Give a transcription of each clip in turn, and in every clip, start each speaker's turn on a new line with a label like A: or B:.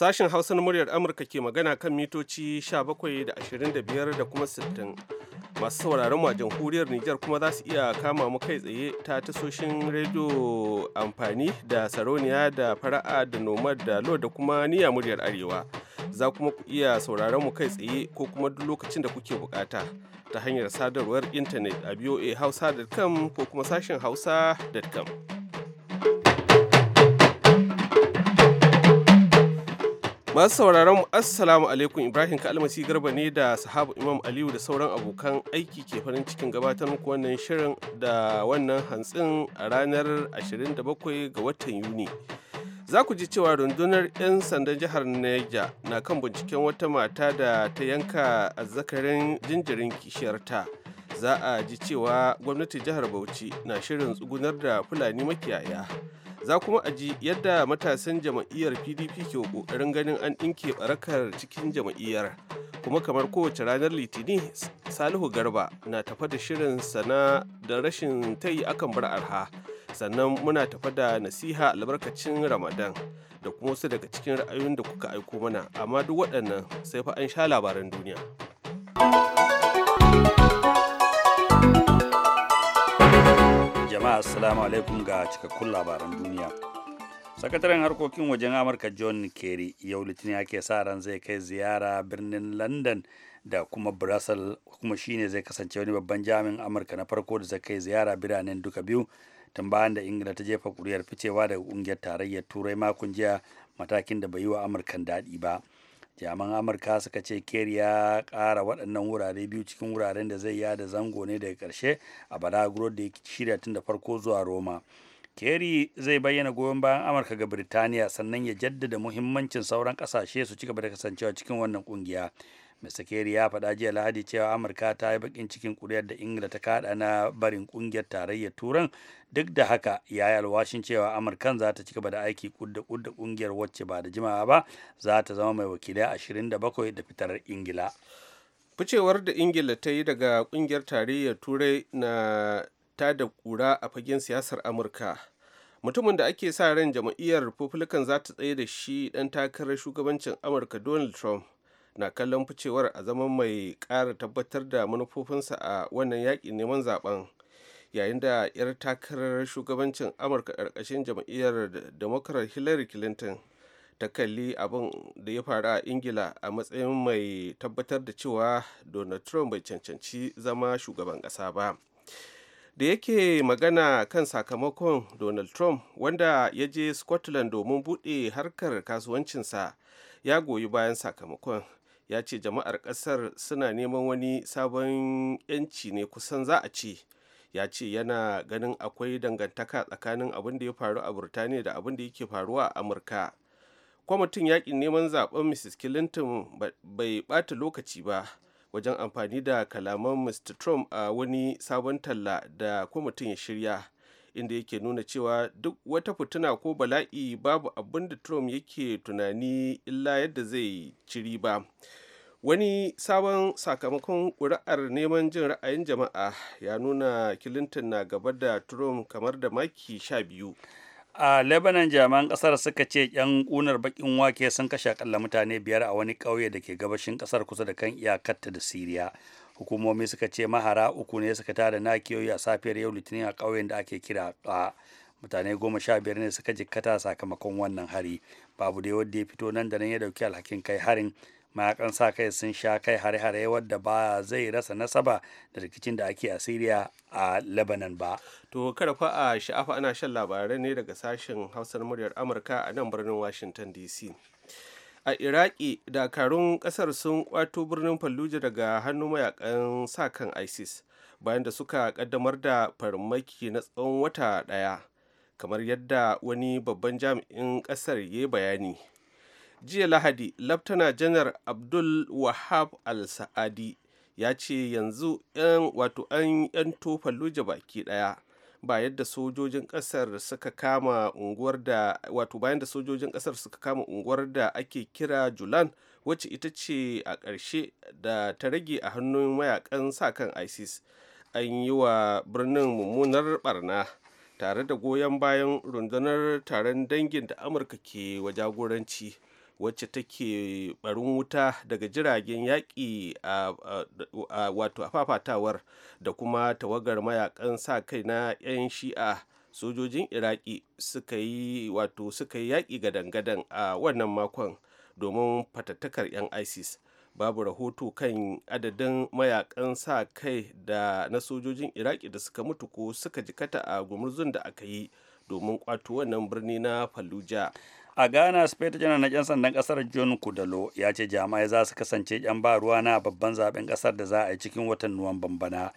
A: Sashen Hausa na muryar Amurka ke magana kan mitoci 17 da 25 da kuma 60. Masu sauraron a jamhuriyar Nijar kuma za su iya kama mu kai tsaye ta tasoshin rediyo amfani da sarauniya da fara'a da nomad da lo da kuma niya muryar arewa. Za kuma ku iya sauraron mu kai tsaye ko kuma duk lokacin da kuke bukata ta hanyar sadarwar intanet a voahausa.com ko kuma sashen hausa.com. Masu sauraron mu Assalamu alaikum Ibrahim Kalmasi Garba ne da sahabu Imam Aliyu da sauran abokan aiki ke farin cikin gabatar muku wannan shirin da wannan hantsin a ranar 27 ga watan Yuni. Za ku ji cewa rundunar 'yan sandan jihar Niger na kan binciken wata mata da ta yanka azzakarin jinjirin kishiyarta. Za a ji cewa gwamnati jihar Bauchi na shirin tsugunar da Fulani makiyaya. za kuma a ji yadda matasan jam'iyyar pdp ke kokarin ganin an ɗinke barakar cikin jam'iyyar kuma kamar kowace ranar litini salihu garba na tafa da shirin sana da rashin tayi akan bar arha sannan muna tafa da nasiha albarkacin ramadan da kuma wasu daga cikin ra'ayoyin da kuka aiko mana amma duk waɗannan sai fa
B: an sha labaran duniya. jama'a assalamu alaikum ga cikakkun labaran duniya sakataren harkokin wajen amurka john kerry yau litinin ake sa ran zai kai ziyara birnin london da kuma brussels kuma shine zai kasance wani babban jami'in amurka na farko da zai kai ziyara biranen duka biyu tun bayan da ingila ta jefa kuriyar ficewa daga kungiyar tarayyar turai makon jiya matakin da bai yi wa amurkan daɗi ba jaman amurka suka ce keri ya kara waɗannan wurare biyu cikin wuraren da zai yada zango ne daga karshe a balaguro da ya shirya tun da farko zuwa roma keri zai bayyana goyon bayan Amurka ga Birtaniya sannan ya jaddada muhimmancin sauran kasashe su ci gaba da kasancewa cikin wannan kungiya. mr kerry ya faɗa jiya lahadi cewa amurka ta yi bakin cikin kuriyar da ingila ta kaɗa na barin ƙungiyar tarayyar turan duk da haka ya yi alwashin cewa amurkan za ta ci gaba da aiki kudda kudda kungiyar wacce ba da jimawa ba za ta zama mai wakilai 27 da fitar ingila ficewar da ingila ta yi daga kungiyar tarayyar turai
A: na ta da kura a fagen siyasar amurka mutumin da ake sa ran jam'iyyar republican za ta tsaye da shi dan takarar shugabancin amurka donald trump na kallon ficewar a zaman mai kara tabbatar da manufofinsa a wannan yakin neman zaben yayin da 'yar takarar shugabancin amurka ƙarƙashin jam'iyyar democrat hillary clinton ta kalli abin da ya faru a ingila a matsayin mai tabbatar da cewa donald trump bai cancanci zama shugaban ƙasa ba da yake magana kan sakamakon donald trump wanda ya je scotland domin buɗe harkar kasuwancinsa ya goyi bayan sakamakon ya ce jama'ar ƙasar suna neman wani sabon 'yanci ne kusan za a ce ya ce yana ganin akwai dangantaka tsakanin abin da ya faru a burtaniya da abin da yake faruwa a amurka kwamitin yakin neman zaben mrs clinton bai ɓata lokaci ba wajen amfani da kalaman mr trump a wani sabon talla da kwamitin ya shirya inda yake nuna cewa duk wata fituna ko bala'i babu abin da trump yake tunani illa yadda zai ciri ba wani sabon sakamakon ƙuri'ar neman jin ra'ayin jama'a ya nuna
B: clinton na gaba da trump kamar da maki sha biyu a lebanon jami'an kasar suka ce yan kunar bakin wake sun kashe akalla mutane biyar a wani ƙauye da ke gabashin kasar kusa da kan iyakarta da siriya hukumomi suka ce mahara uku ne suka tada nakiyoyi a safiyar yau litinin a ƙauyen da ake kira a mutane goma sha biyar ne suka jikkata sakamakon wannan hari babu dai wanda ya fito nan da nan ya dauki alhakin kai harin mayakan sa kai sun sha kai hare-hare wadda ba zai rasa nasaba da rikicin da ake a Siriya a Lebanon ba. To kada fa a sha'afa
A: ana shan labarai ne daga sashen Hausar muryar Amurka a nan birnin Washington DC. a iraki dakarun kasar sun kwato birnin falluja daga hannun mayakan sa kan isis bayan da suka kaddamar da farmaki na tsawon wata daya kamar yadda wani babban jami'in kasar ya bayani jiya lahadi laftana janar abdul wahab al-sa'adi ya ce yanzu 'yan wato an yanto falluja baki daya ba yadda sojojin kasar suka kama unguwar da wato bayan da sojojin kasar suka kama unguwar da ake kira julan wacce ita ce a ƙarshe da ta rage a hannun mayakan sa kan isis an yi wa birnin mummunar barna tare da goyon bayan rundunar taron dangin da amurka ke wa jagoranci wacce take barin wuta daga jiragen yaƙi a fafatawar da kuma tawagar mayakan sa kai na 'yan shi'a sojojin iraki suka yi wato suka yi yaƙi gadan-gadan a wannan makon domin fatattakar 'yan isis babu rahoto kan adadin mayakan sa kai da na sojojin iraki da
B: suka mutu ko suka jikata a gumurzun da aka yi domin kwato wannan birni na fallujah a ghana speta janar na yan sandan kasar john kudalo ya ce jama'ai za su kasance yan ba ruwa na babban zaben kasar da za a yi cikin watan nuwamban bana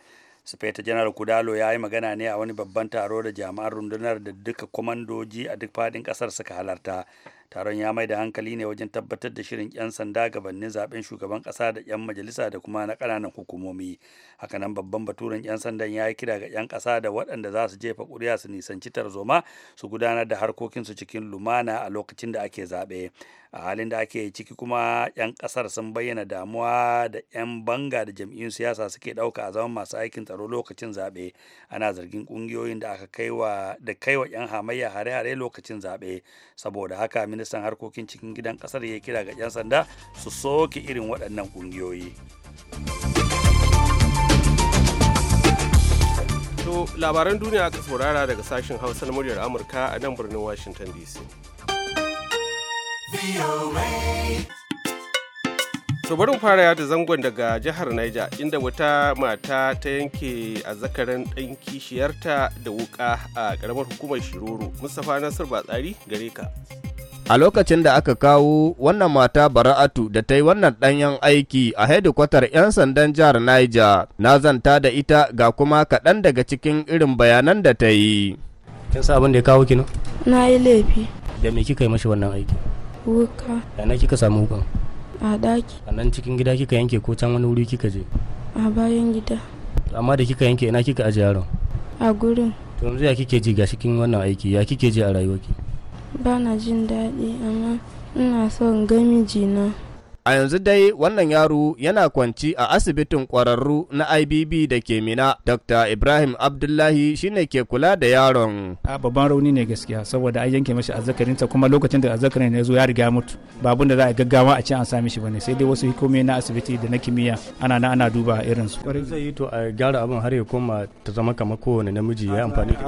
B: speta janar kudalo ya yi magana ne a wani babban taro da jami'an rundunar da duka kwamandoji a duk fadin kasar suka halarta taron ya mai da hankali ne wajen tabbatar da shirin 'yan sanda gabanin zaben shugaban kasa da 'yan majalisa da kuma na kananan hukumomi hakanan babban baturen 'yan sandan ya yi kira ga 'yan kasa da waɗanda za su jefa ƙuri'a su nisanci tarzoma su gudanar da harkokinsu cikin lumana a lokacin da ake zaɓe a halin da ake ciki kuma 'yan kasar sun bayyana damuwa da 'yan banga da jam'iyyun siyasa suke ɗauka a zaman masu aikin tsaro lokacin zaɓe ana zargin ƙungiyoyin da aka kaiwa da kaiwa 'yan hamayya hare-hare lokacin zaɓe saboda haka ministan harkokin cikin gidan kasar ya kira ga 'yan sanda su soke irin waɗannan ƙungiyoyi.
A: To labaran duniya aka saurara daga sashen na muryar Amurka a nan birnin Washington DC. To bari fara da zangon daga jihar Niger inda wata mata ta yanke azzakarin ɗan kishiyarta da wuka a ƙaramar hukumar Shiroro. Mustapha Nasir Batsari gare ka.
C: A lokacin da aka kawo wannan mata bara'atu da ta yi wannan ɗanyen aiki a hedikwatar 'yan sandan jihar Niger, na zanta da ita ga kuma kaɗan daga cikin irin bayanan da ta yi. Kin sa abin da ya kawo kina?
D: Na yi laifi.
C: Da me kika yi mashi wannan aiki? Wuka. na kika samu wukan? A ɗaki. A nan cikin gida kika yanke ko can wani wuri kika je?
D: A bayan gida.
C: Amma da kika yanke ina kika aje yaron? A gurin. To yanzu ya kike ji ga cikin wannan aiki ya kike ji a rayuwarki?
D: bana na jin daɗi amma ina so in ga
C: A yanzu dai wannan yaro yana kwanci a asibitin ƙwararru na IBB da ke Mina. Dr. Ibrahim Abdullahi shine ke kula da yaron. A babban rauni ne gaskiya saboda an yanke mashi ta kuma lokacin da azzakarin ya zo ya riga mutu. Ba abin da za a gaggawa a ce an sami shi bane sai dai wasu hikomi na asibiti da na kimiyya ana na ana duba irin su. Kwarai zai yi to a gyara abin har ya koma ta zama kamar kowane namiji ya amfani.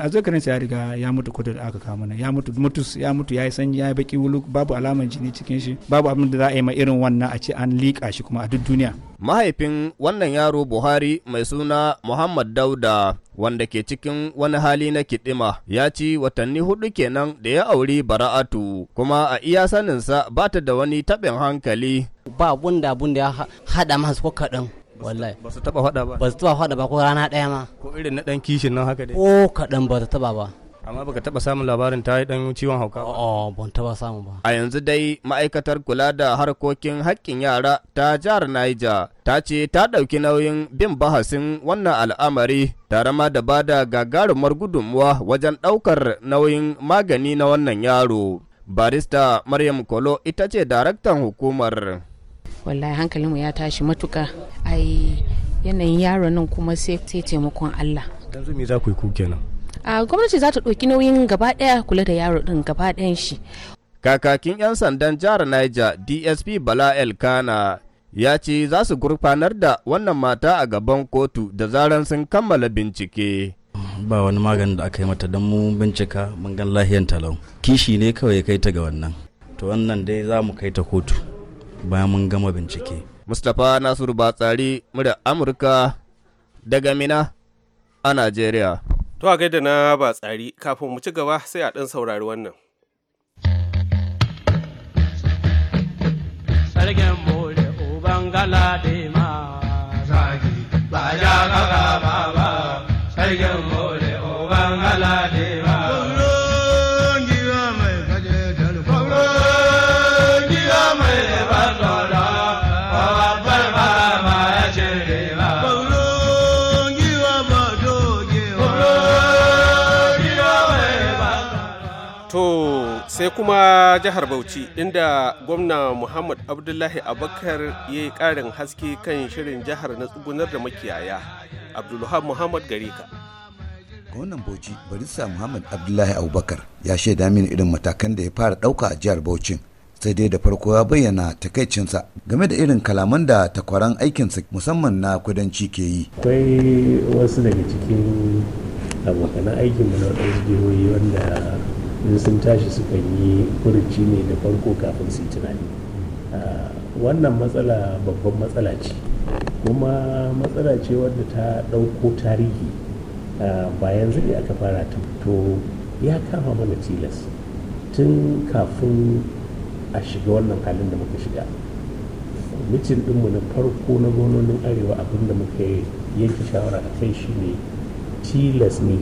C: Azzakarin sa ya riga ya mutu kudu da aka kama ya mutu mutus ya mutu ya yi sanyi ya yi baki wulu babu alaman jini cikin shi babu abin abin da za a yi ma irin wannan a ce an liƙa shi kuma a duk duniya mahaifin wannan yaro buhari mai suna muhammad dauda wanda ke cikin wani hali na kiɗima ya ci watanni hudu kenan da ya auri bara'atu kuma a iya saninsa ba ta da wani taɓin hankali ba bunda bunda ya haɗa masu ko kaɗan wallahi ba su taɓa haɗa ba ba su taɓa haɗa ba ko rana ɗaya ma ko irin na ɗan kishin nan haka dai ko kaɗan ba su taɓa ba amma baka taba samun labarin ta yi dan ciwon hauka ba oh ban taba samu ba a yanzu dai ma'aikatar kula da harkokin haƙƙin yara ta jihar Niger ta ce ta ɗauki nauyin bin bahasin wannan al'amari tare ma da bada gagarumar gudunmuwa wajen ɗaukar nauyin magani na wannan yaro barista maryam kolo ita ce daraktan hukumar
E: wallahi hankalinmu ya tashi matuka ai yanayin yaron nan kuma sai taimakon
C: allah yanzu me za ku yi ku kenan
E: gwamnati za ta ɗauki nauyin gaba ɗaya kula da yaro ɗin
C: gaba ɗayan shi kakakin 'yan sandan jihar niger dsp bala elkana ya ce za su gurfanar da wannan mata a gaban kotu da zaran sun kammala bincike ba wani maganin da aka yi mata don mu bincika mun gan lahiyan talau kishi ne kawai ya kai ta ga wannan to wannan dai za mu kai ta kotu bayan mun gama bincike mustapha nasiru batsari murya amurka daga mina a najeriya
A: To a gaida na ba tsari kafin mu ci gaba sai a ɗan saurari wannan.
F: Sarkin bode uban gala ma zagi ba ya ba ba sarkin
A: kuma jihar Bauchi inda gwamna Muhammad Abdullahi Abakar ya yi ƙarin haske kan shirin jihar na tsugunar da makiyaya. Abdulluhab Muhammad Gareka.
E: Gwamnan Bauchi Barista Muhammad Abdullahi Abubakar ya shaida mini irin matakan da ya fara ɗauka a jihar Bauchi sai dai da farko ya bayyana takaicinsa game da irin kalaman da takwaran aikinsa musamman na kudanci ke yi.
G: Akwai wasu daga cikin abokanan mu na jihohi wanda in sun tashi sukan yi furuci ne da farko kafin su yi tunani ah, wannan matsala babban matsala ce kuma matsala ce wadda ta ɗauko tarihi ah, ba zai ne aka fara ta to ya kama mana tilas tun kafin a shiga wannan halin da muka shiga mitin ɗinmu na farko na gononin arewa abinda muka yanke shawara a kai shine tilas ne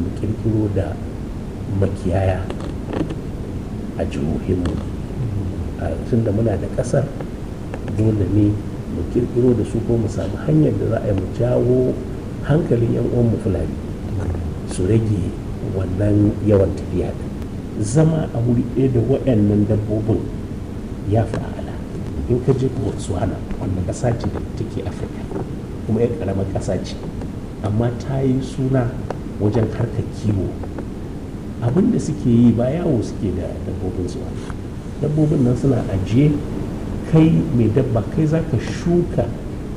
G: mu kirkiro da makiyaya a jihohinmu a tun da muna da kasar dole ne mu kirkiro da su ko mu samu hanyar da za a yi mu jawo hankalin 'yan mu fulani su rage wannan yawan tafiya zama a wuri ɗaya da waɗannan dabbobin ya fi ala in ka je botswana wanda ƙasa ce da take afirka kuma ya ƙaramar ƙasa ce amma ta yi suna wajen harkar kiwo abin da suke yi ba yawo suke da dabbobin su dabbobin nan suna ajiye kai mai dabba kai za ka shuka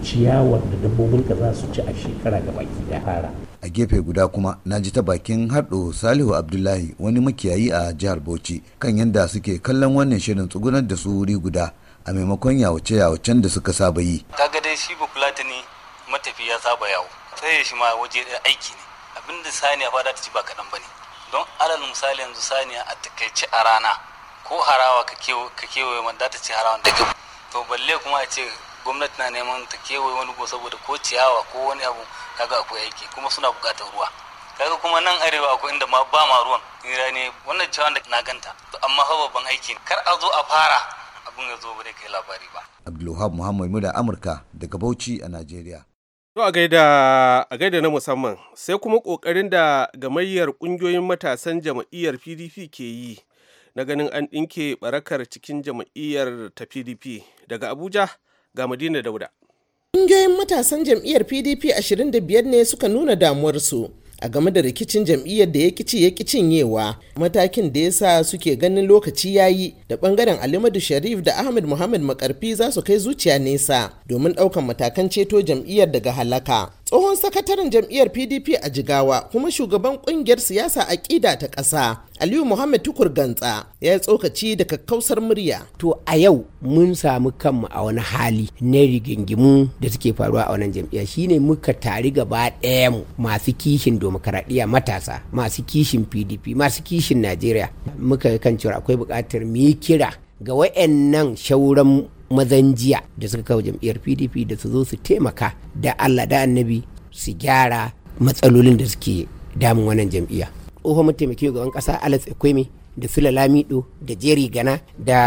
G: ciyawar da dabbobin ka za su ci a shekara ga baki da hara.
E: a gefe guda kuma na ji ta bakin harɗo salihu abdullahi wani makiyayi a jihar bauchi kan yadda suke kallon wannan shirin tsugunar da su wuri guda a maimakon yawace yawacen da suka saba yi
D: kaga dai shi bukulata ne matafiya saba yawo sai shi ma waje aiki ne abinda sani a fada ta ci ba kaɗan ba ne don alal misali yanzu saniya a takaici a rana ko harawa ka kewaye wanda ta ce harawa daga to balle kuma a ce gwamnati na neman ta kewaye wani ko saboda ko ciyawa ko wani abu kaga akwai aiki kuma suna buƙatar ruwa kaga kuma nan arewa akwai inda ma ba ma ruwan ira ne wannan cewa da na ganta to amma hawa babban aiki kar a zo a fara abin ya zo ba da kai labari
E: ba Abdulwahab Muhammad Muda Amurka daga Bauchi a Najeriya
D: To
A: a gaida a gaida na musamman sai kuma ƙoƙarin da gamayyar ƙungiyoyin matasan jam'iyyar PDP ke yi na ganin an ɗinke barakar cikin jam'iyyar ta PDP daga Abuja ga Madina Dauda.
E: Ƙungiyoyin matasan jam'iyyar PDP 25 ne suka nuna damuwarsu a game da rikicin jam'iyyar da ya kici ya cinyewa matakin da ya sa suke ganin lokaci ya yi da bangaren alimadu sharif da ahmed muhammad makarfi za su kai zuciya nesa domin ɗaukan matakan ceto jam'iyyar daga halaka tsohon sakataren jam'iyyar pdp a jigawa kuma shugaban kungiyar siyasa aƙida ta ƙasa aliyu
G: muhammad tukur gantsa ya yi tsokaci da kakkausar murya to a yau mun samu kanmu a wani hali na rigingimu da suke faruwa a wannan jam'iyya shine muka tari gaba ɗaya mu masu kishin demokaradiyya matasa masu kishin pdp masu kishin najeriya muka kan cewa akwai buƙatar mu yi kira ga wayannan shauran mazan jiya da suka kawo jam'iyyar pdp da su zo su taimaka da allah da annabi su gyara matsalolin da suke damun wannan jam'iyya tsohon mataimakin gaban kasa alex ekweme da sula lamido da jerry gana da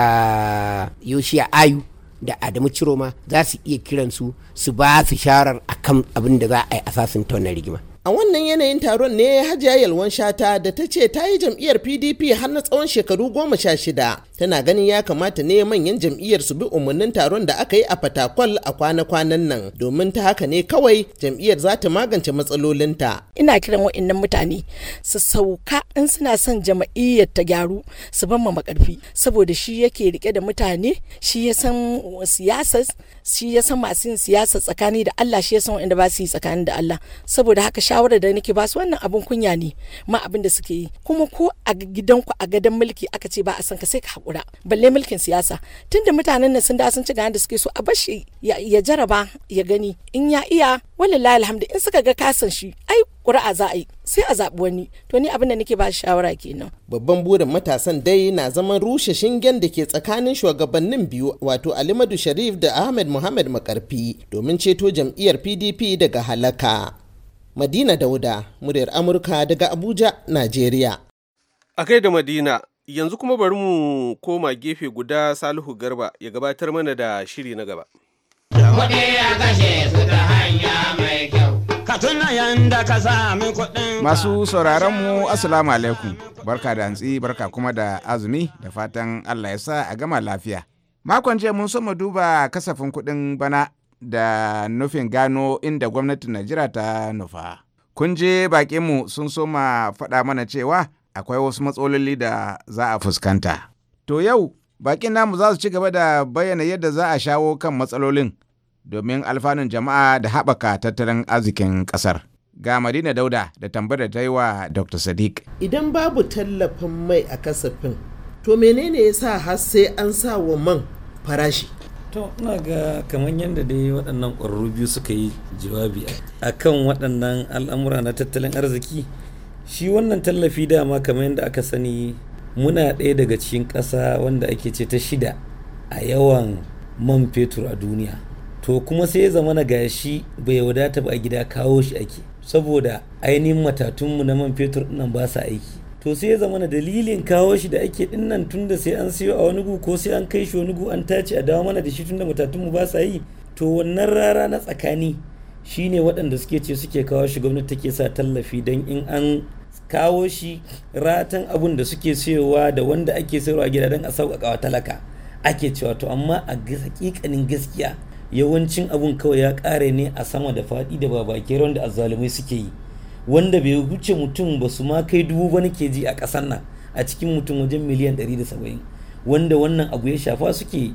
G: yoshiya ayu da adamu ciroma za su iya kiransu su ba su sharar akan abin da za a yi asasin tauna rigima
E: a wannan yanayin taron ne hajiya yalwan shata da ta ce ta yi jam'iyyar pdp har na tsawon shekaru goma sha shida tana ganin ya kamata ne manyan jam'iyyar su bi umarnin taron da aka yi a fatakwal a kwana-kwanan nan domin ta haka ne kawai jam'iyyar za ta magance matsalolinta ina kiran wa'annan mutane su sauka in suna son jam'iyyar ta gyaru su ban ma makarfi saboda shi yake rike da mutane shi ya san siyasar shi ya san masu yin siyasa tsakani da Allah shi ya san wa'anda ba su yi tsakani da Allah saboda haka sha shawara da nake ba su wannan abin kunya ne ma abin da suke yi kuma ko a gidanku a gadon mulki aka ce ba a san ka sai ka hakura balle mulkin siyasa tunda mutanen nan sun da sun ci da suke so a bashi ya jaraba ya gani in ya iya wallahi alhamdu in suka ga kasan shi ai ƙuri'a za a yi sai a zaɓi wani to ni abin da nake ba shawara kenan babban burin matasan dai na zaman rushe shingen da ke tsakanin shugabannin biyu wato alimadu sharif da ahmed muhammad makarfi domin ceto jam'iyyar pdp daga halaka Madina Dauda, muryar Amurka daga Abuja, Najeriya.
A: A kai da Madina, yanzu kuma bari mu koma gefe guda Salihu Garba ya gabatar mana da shiri na gaba.
H: Kuɗi a kashe su hanya mai kyau. Ka tuna
D: yanda ka sami
H: kuɗin. Masu sauraron mu Assalamu alaikum. Barka da hantsi, barka kuma da azumi da fatan Allah ya sa a gama lafiya. Makon jiya mun so mu duba kasafin kuɗin bana da nufin gano inda gwamnatin Najeriya ta nufa. Kun je mu sun soma faɗa mana cewa akwai wasu matsaloli da za a fuskanta. To yau baƙin namu za su ci gaba da bayyana yadda za a shawo kan matsalolin domin alfanun jama'a da haɓaka tattalin arzikin ƙasar. Ga Madina Dauda da tambayar da ta yi wa Dr. Sadiq. Idan babu tallafin mai
E: a kasafin, to menene ya sa har sai an sa wa man farashi?
D: to na ga kamar yadda dai waɗannan ƙwararru biyu suka yi jawabi a kan waɗannan al'amura na tattalin arziki shi wannan tallafi dama kamar yadda aka sani muna ɗaya daga cikin ƙasa wanda ake ce ta shida a yawan man fetur a duniya to kuma sai zama na gashi bai wadata ba a gida kawo shi ake saboda ainihin matatunmu na man fetur nan ba sa aiki to sai ya zama na dalilin kawo shi da ake dinnan tunda sai an siyo a wani gu ko sai an kai shi wani gu an tace a dawo mana da shi tunda matatun mu ba sa yi to wannan rara na tsakani shine waɗanda suke ce suke kawo shi gwamnati take sa tallafi don in an kawo shi ratan abun da suke sayowa da wanda ake sayarwa gida don a sauƙaƙa wa talaka ake cewa to amma a hakikanin gaskiya yawancin abun kawai ya ƙare ne a sama da faɗi da babake da azzalumai suke yi wanda bai wuce mutum ba su ma kai dubu ba ke ji a ƙasar nan a cikin mutum wajen miliyan 170 wanda wannan abu ya shafa suke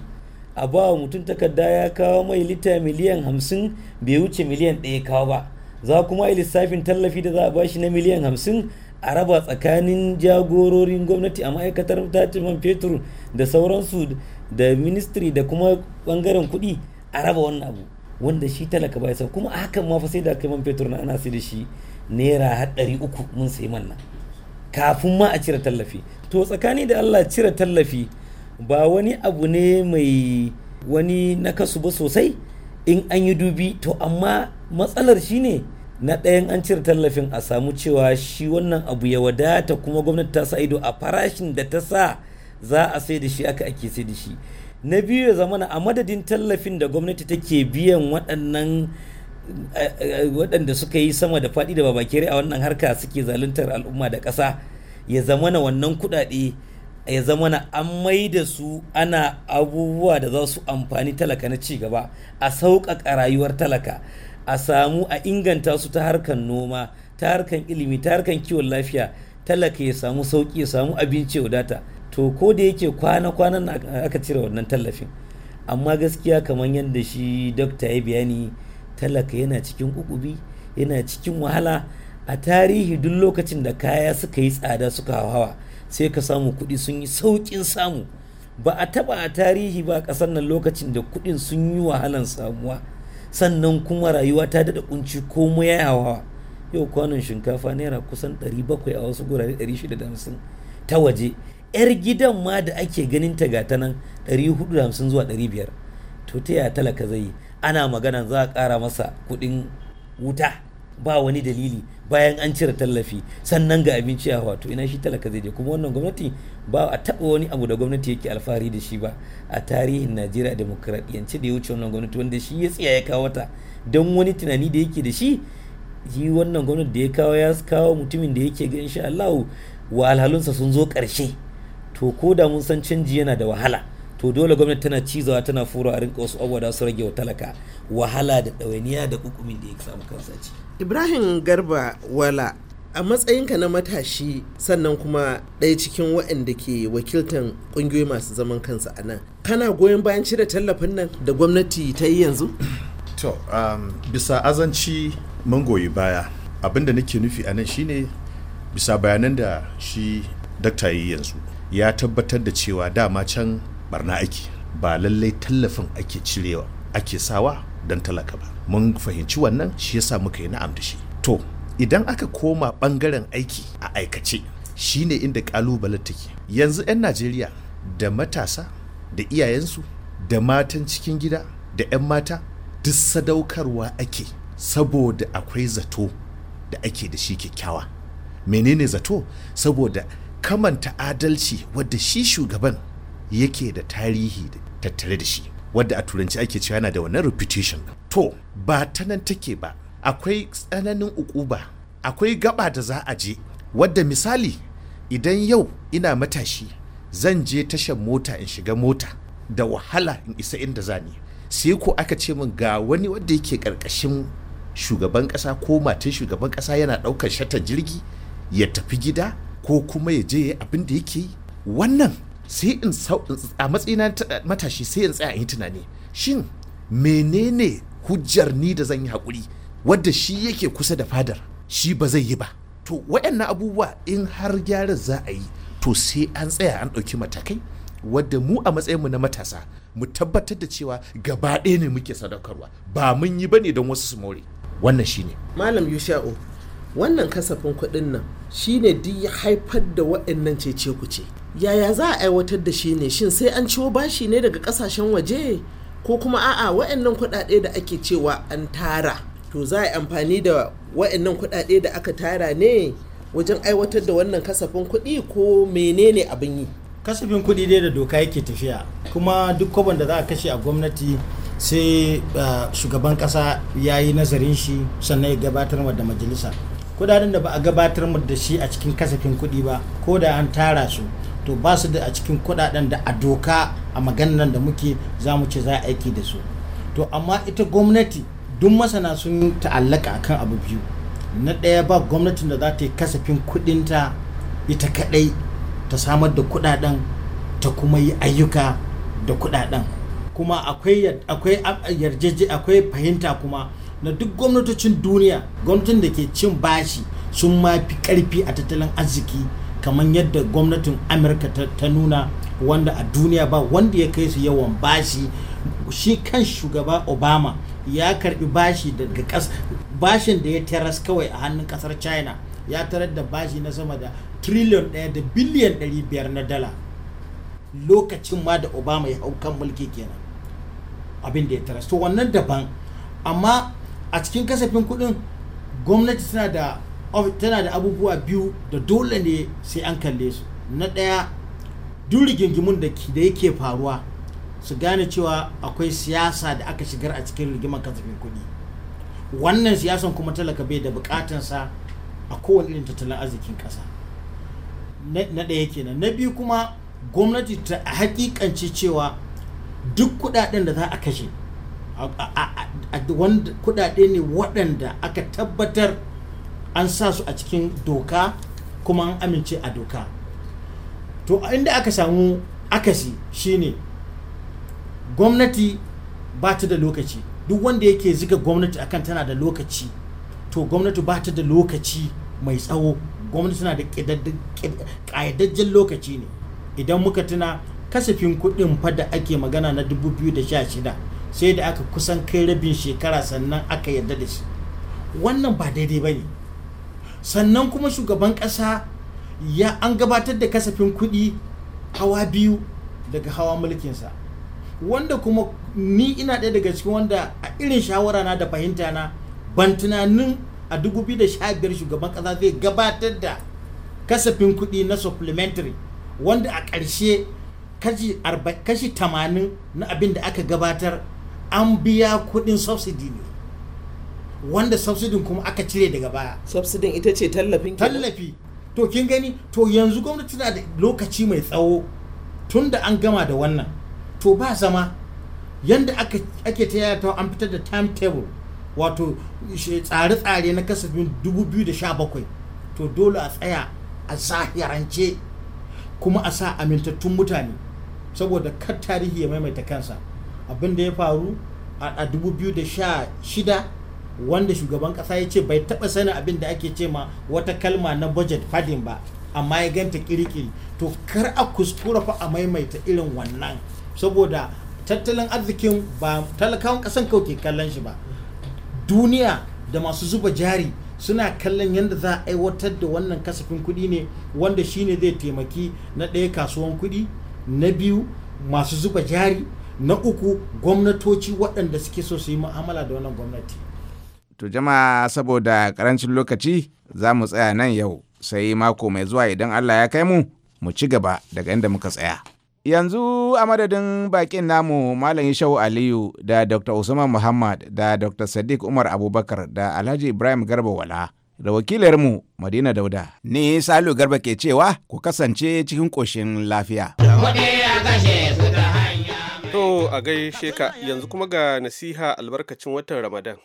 D: a ba wa mutum takarda ya kawo mai lita miliyan 50 bai wuce miliyan ɗaya kawo ba za kuma yi lissafin tallafi da za a bashi na miliyan 50 a raba tsakanin jagororin gwamnati a ma'aikatar tace man fetur da sauransu da ministry da kuma bangaren kuɗi a raba wannan abu wanda shi talaka ba ya kuma a hakan ma fa sai da kai man fetur na ana sai da shi naira har ɗari uku mun sai man nan kafin ma a cire tallafi to tsakani da allah cire tallafi ba wani abu ne mai wani nakasu ba sosai in an yi dubi to amma matsalar shine na ɗayan an cire tallafin a samu cewa shi wannan abu ya wadata kuma gwamnati ta sa ido a farashin da ta sa za a sai da shi aka ake sai da shi na biyu ya zamana a madadin tallafin da gwamnati take biyan waɗannan waɗanda suka yi sama da faɗi da babakere a wannan harka suke zaluntar al'umma da ƙasa ya zama na wannan kuɗaɗe ya zama na an mai da su ana abubuwa da za su amfani talaka na cigaba a sauƙaƙa rayuwar talaka a samu a inganta su ta harkar noma ta harkar ilimi ta harkar kiwon lafiya talaka ya samu sauƙi ya samu abinci wadata to ko da yake kwana-kwanan aka cire wannan tallafin amma gaskiya kamar yadda shi dokta ya bayani talaka yana cikin ukubi yana cikin wahala a tarihi duk lokacin da kaya suka yi tsada suka hawa sai ka samu kuɗi sun yi sauƙin samu ba a taɓa a tarihi ba ƙasar nan lokacin da kuɗin sun yi wahalan samuwa sannan kuma rayuwa ta daɗa kunci komo ya hawa yau kwanon shinkafa naira kusan 700 a wasu gurare 650 ta waje yar gidan ma da ake ganin ta gata nan 450 zuwa 500 to ta yaya talaka zai yi ana magana za a ƙara masa kuɗin wuta ba wani dalili bayan an cire tallafi sannan ga abinci a wato ina shi talaka zai je kuma wannan gwamnati ba a taɓa wani abu da gwamnati yake alfahari da shi ba a tarihin najeriya demokradiyyance da ya wuce wannan gwamnati wanda shi ya tsaya ya kawo wata don wani tunani da yake da shi yi wannan gwamnati da ya kawo ya kawo mutumin da yake ga insha allahu wa alhalunsa sun zo karshe to ko da mun san canji yana da wahala to dole gwamnati tana cizawa tana fura a rinka wasu abubuwa su rage wa talaka wahala da ɗawainiya da kukumin da ya samu kansa ci.
E: ibrahim garba wala a matsayinka na matashi sannan kuma ɗaya cikin waɗanda ke wakiltan ƙungiyoyi masu zaman kansa a nan kana goyon bayan cire tallafin nan da
I: gwamnati ta yi yanzu to um, bisa azanci mun goyi baya abinda nake nufi a nan shine bisa bayanan da shi dakta yi yanzu ya tabbatar da cewa dama can barna ake ba lallai tallafin ake cirewa ake sawa don talaka ba mun fahimci wannan shi yasa muka yi na'am da shi to idan aka koma bangaren aiki a aikace shine inda kalubalen take yanzu 'yan najeriya da matasa da iyayensu da matan cikin gida da 'yan mata duk sadaukarwa ake saboda akwai zato da ake da shi kyakkyawa menene zato saboda kamanta adalci wadda shi shugaban yake da tarihi tattare da shi wadda a turanci ake cewa yana da wannan reputation to ba ta nan take ba akwai tsananin ukuba akwai gaba da za a je wadda misali idan yau ina matashi zan je tashan mota in shiga mota da wahala in isa inda zani sai ko aka ce min ga wani wanda yake karkashin shugaban kasa ko matan shugaban kasa yana daukar shatan jirgi ya tafi gida ko kuma ya je abin da yake yi wannan sai in a matsayina matashi sai in tsaya in yi tunani shin menene hujjar ni da zan yi haƙuri wadda shi yake kusa da fadar shi ba zai yi ba to waɗannan abubuwa in har gyara za a yi to sai an tsaya an ɗauki matakai wadda mu a matsayinmu na matasa mu tabbatar da cewa gaba ɗaya ne muke sadaukarwa ba mun yi ba ne don wasu su more wannan shine malam yusha'u wannan kasafin kuɗin nan shine duk ya haifar da waɗannan cece kuce
E: yaya za a aiwatar da shi ne shin sai an ciwo bashi ne daga ƙasashen waje ko kuma a'a waɗannan kuɗaɗe da ake cewa an tara to za a yi amfani da waɗannan kuɗaɗe da aka tara ne wajen aiwatar da wannan kasafin kuɗi ko menene
J: abin yi kasafin kuɗi dai da doka yake tafiya kuma duk kwabon da za a kashe a gwamnati sai ah, shugaban ƙasa ya yi nazarin shi sannan ya gabatar da majalisa kudaden da ba a gabatar mu da shi a cikin kasafin kuɗi ba ko da an tara su to ba su da a cikin kudaden da a doka a maganar da muke za mu ce za a aiki da su to amma ita gwamnati duk masana sun ta'allaka kan abu biyu na ɗaya ba gwamnatin da za ta yi kasafin kuɗinta ita kaɗai ta samar da kudaden ta kuma yi ayyuka da kudaden kuma akwai akwai fahimta kuma na duk gwamnatocin duniya gwamnatin da ke cin bashi sun ma fi karfi a tattalin arziki kamar yadda gwamnatin amurka ta nuna wanda a duniya ba wanda ya kai su yawan bashi shi kan shugaba obama ya karbi bashi daga kas bashin da ya taras kawai a hannun kasar china ya tarar da bashi na sama da trillion ɗaya da biliyan ɗari biyar na dala lokacin ma da obama ya hau kan mulki kenan abin da ya taras to wannan daban amma a cikin kasafin kuɗin gwamnati tana da abubuwa biyu da dole ne sai an kalle su na ɗaya duk rigingimun da yake faruwa su gane cewa akwai siyasa da aka shigar a cikin rigimar kasafin kuɗi wannan siyasan kuma talaka bai da bukatansa a kowane irin tattalin arzikin ƙasa na ɗaya kenan na biyu kuma gwamnati ta hakikanci cewa duk kuɗaɗen da za a kashe kudade ne waɗanda aka tabbatar an sa su a cikin doka kuma an amince a doka to inda aka samu akasi shine gwamnati ba ta da lokaci duk wanda yake ziga gwamnati akan tana da lokaci to gwamnati ba ta da lokaci mai tsawo gwamnati tana da ƙayyadajjen lokaci ne idan muka tuna kasafin kuɗin fa da ake magana na 2016 sai da aka kusan kai rabin shekara sannan aka yarda da shi wannan ba daidai ba ne sannan kuma shugaban kasa ya an gabatar da kasafin kuɗi hawa biyu daga hawa mulkinsa wanda kuma ni ina ɗaya daga cikin wanda a irin shawara na da fahimta na ban tunanin a 2015 shugaban ƙasa zai gabatar da kasafin kuɗi na supplementary wanda a ƙarshe kashi 80 na abin da aka gabatar an biya kudin subsidy ne wanda subsidin kuma aka cire daga baya subsidin ita ce tallafin tallafi to kin gani to yanzu gwamnati na da lokaci mai tsawo tun da an gama da wannan to ba zama yadda ake ta yata an fitar da timetable wato tsare-tsare na kasafin 2017 to dole a tsaya a zahirance kuma a sa amintattun mutane saboda kar tarihi ya maimaita kansa abin da ya faru a 2016 wanda shugaban kasa ya ce bai taba sanin abin da ake ce ma wata kalma na budget fadin ba amma ya ganta kirikiri to kar a kuskura fa a maimaita irin wannan saboda tattalin arzikin ba talakawan kasan kauke kallon shi ba duniya da masu zuba jari suna kallon yadda za a aiwatar da wannan kasafin kuɗi ne wanda shine zai taimaki na ɗaya kasuwan kuɗi na biyu masu zuba jari na uku gwamnatoci waɗanda suke so su yi mu'amala da wannan gwamnati
H: to jama'a saboda karancin lokaci za mu tsaya nan yau sai mako mai zuwa idan allah ya kai mu mu ci gaba daga inda muka tsaya yanzu a madadin bakin namu malam shau aliyu da dr usman muhammad da dr sadiq umar abubakar da alhaji ibrahim garba wala da wakilarmu madina dauda ni salu garba ke cewa ku kasance cikin ƙoshin
D: lafiya.
A: a gaishe ka yanzu kuma ga nasiha albarkacin watan Ramadan.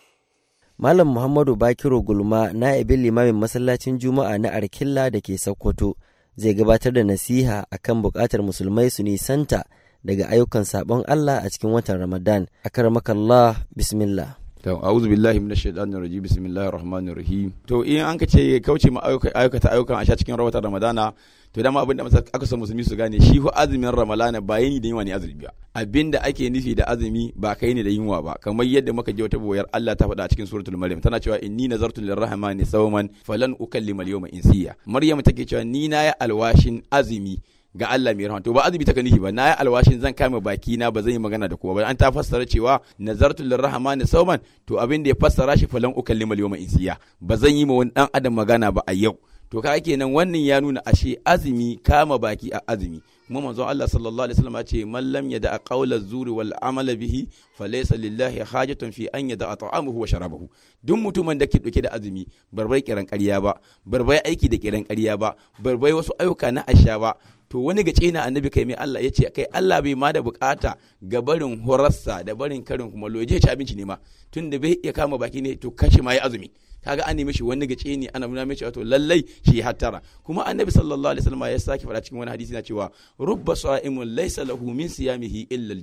D: Malam Muhammadu Bakiro Gulma na'ibin limamin masallacin Juma'a na Arkilla da ke Sokoto zai gabatar da nasiha akan buƙatar musulmai su nisanta daga ayyukan sabon Allah a cikin watan Ramadan. karmakallah bismillah. to
F: a'udhu billahi minash shaitanir rajim bismillahir rahmanir rahim to in an ka ce kauce ma ta ayyukan a cikin rawatan ramadana to dama abin da aka so musulmi su gane shi hu azumin ramalana ba yini da yunwa ne azumi ba abinda ake nufi da azumi ba kai ne da yunwa ba kamar yadda muka je wata boyar Allah ta faɗa a cikin suratul maryam tana cewa inni nazartu lirrahmani sawman falan ukallima ma in insiya maryam take cewa ni na yi alwashin azumi ga Allah mai rahama to ba azumi taka nufi ba na yi alwashin zan kame baki na ba zan yi magana da kowa ba an ta fassara cewa nazartu lirrahmani sauman to abin da ya fassara shi falan ukallima ma in insiya ba zan yi ma wani dan adam magana ba a yau to ka ake nan wannan ya nuna ashe azumi kama baki a azumi kuma manzon Allah sallallahu alaihi wasallam ce man lam yada qawla zuri wal amala bihi laysa lillahi hajatun fi an yada ta'amuhu wa sharabahu duk mutumin da ke dauke da azumi barbai kiran ƙarya ba barbai aiki da kiran ƙarya ba barbai wasu ayyuka na asha ba to wani gace na annabi kai mai Allah ya ce kai Allah bai ma da bukata ga barin horarsa da barin karin kuma loje ci abinci ne ma tunda bai iya kama baki ne to kashe ma ya azumi kaga an nemi shi wani gace ne ana nuna mishi wato lallai shi hattara kuma annabi sallallahu alaihi wasallam ya sake faɗa cikin wani hadisi na cewa rubba sa'imun laysa lahu min siyamihi illa al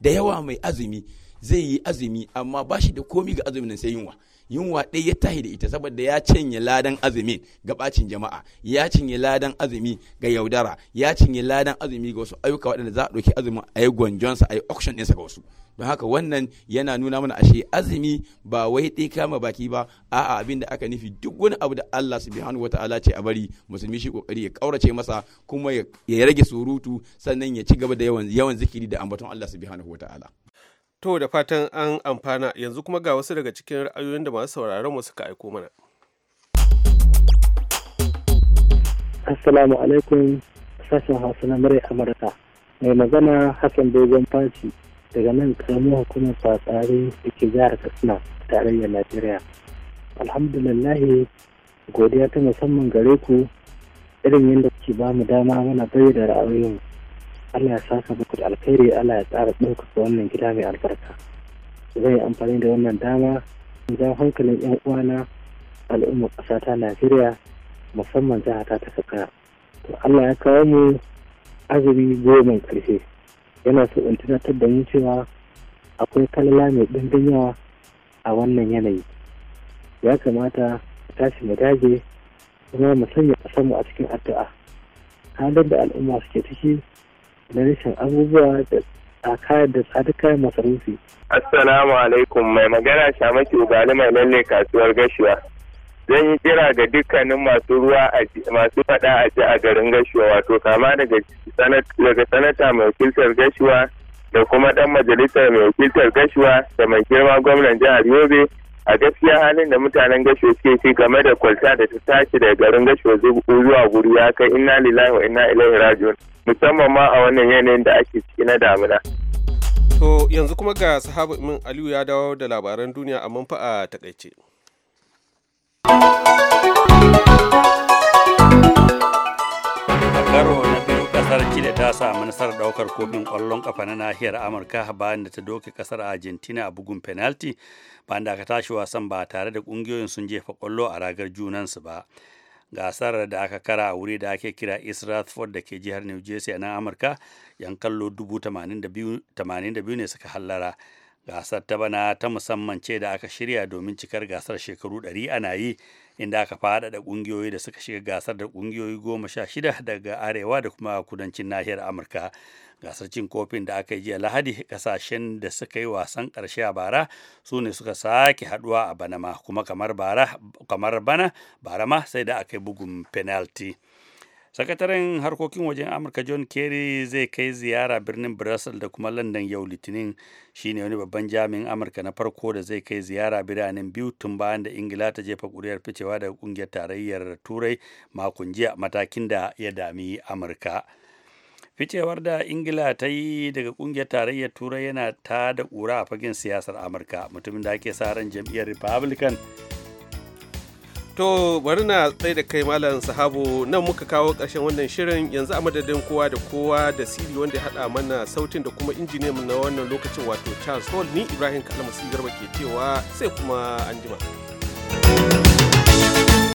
F: da yawa mai azumi zai yi azumi amma ba shi da komi ga azumin sai yunwa yunwa ɗaya ya tahi da ita saboda ya cinye ladan azumi ga bacin jama'a ya cinye ladan azumi ga yaudara ya cinye ladan azumi ga wasu ayyuka waɗanda za a ɗauki azumin a yi gwanjonsa a yi auction ɗinsa ga wasu don haka wannan yana nuna mana ashe azumi ba wai ɗai kama baki ba a'a abin da aka nufi duk wani abu da Allah subhanahu wata'ala ce a bari musulmi shi kokari ya kaurace masa kuma ya rage surutu sannan ya ci gaba da yawan zikiri da ambaton Allah subhanahu wata'ala To da fatan
A: an amfana yanzu kuma ga wasu daga cikin ra'ayoyin da masu sauraron mu suka aiko mana.
J: Assalamu alaikum sashen Hausa na Murai Amurka. Mai magana Hassan Dogon Faci daga nan karamin hukumar tsatsari da ke jihar Katsina tarayyar Najeriya. alhamdulillah godiya ta musamman gare ku irin yadda kuke ba mu dama muna da ra'ayoyin. Allah ya saka muku da alkhairi Allah ya tsara ɗaukaka wannan gida mai albarka zai amfani da wannan dama zan hankalin yan uwana al'ummar ƙasa ta Najeriya musamman jihata ta Kakara to Allah ya kawo mu azumi goma ƙarfe. yana so in tunatar da mu cewa akwai kalala mai ɗimbin yawa a wannan yanayi ya kamata tashi mu dage kuma mu sanya ƙasarmu a cikin addu'a halin da al'umma suke ciki na rashin abubuwa da tsaka da tsadar masarufi.
C: Assalamu alaikum mai magana Shamaki Ugali mai lalle kasuwar gashuwa. Zan yi kira ga dukkanin masu ruwa masu faɗa a ji a garin gashuwa wato kama daga sanata mai wakiltar gashuwa da kuma ɗan majalisar mai wakiltar gashuwa da mai girma gwamnan jihar Yobe a gaskiya halin da mutanen gasho suke ci game da kwalta da ta tashi daga garin gasho zuwa guri ya kai inna lillahi wa inna ilaihi rajiun musamman ma a wannan yanayin da ake ciki na damina.
A: To yanzu kuma ga sahaba min Aliyu ya dawo da labaran duniya a fa a takaice.
B: Karo na biyu kasar Chile ta samu nasarar daukar kofin kwallon kafa na nahiyar Amurka bayan da ta doke kasar Argentina a bugun penalty bayan da aka tashi wasan ba tare da kungiyoyin sun jefa kwallo a ragar junansu ba. gasar da aka kara a wuri da ake kira east rathford da ke jihar new jersey a nan amurka yan kallo 82 ne suka hallara gasar ta bana ta musamman ce da aka shirya domin cikar gasar shekaru 100 ana yi inda aka faɗaɗa ƙungiyoyi da suka shiga gasar da ƙungiyoyi goma sha shida daga arewa da kuma kudancin nahiyar amurka gasar cin kofin da aka yi jiya lahadi kasashen da suka yi wasan ƙarshe a bara su ne suka sake haɗuwa a bana kuma kamar bana barama sai da aka yi bugun penalty sakataren harkokin wajen amurka john kerry zai kai ziyara birnin brussels da kuma london yau litinin shine wani babban jami'in amurka na farko da zai kai ziyara biranen biyu tun bayan da ingila ta jefa kuri'ar ficewa daga kungiyar tarayyar turai makon jiya matakin da ya dami amurka ficewar da ingila ta yi daga kungiyar tarayyar turai yana ta da kura a fagen siyasar amurka mutumin da ake sa ran jam'iyyar republican To
A: bari na tsaye da kai malam sahabu nan muka kawo ƙarshen wannan shirin yanzu a madadin kowa da kowa da siri wanda ya haɗa mana sautin da kuma injiniyan na wannan lokacin wato Charles Hall ni Ibrahim Kalmasi Garba ke cewa sai kuma anjima. thank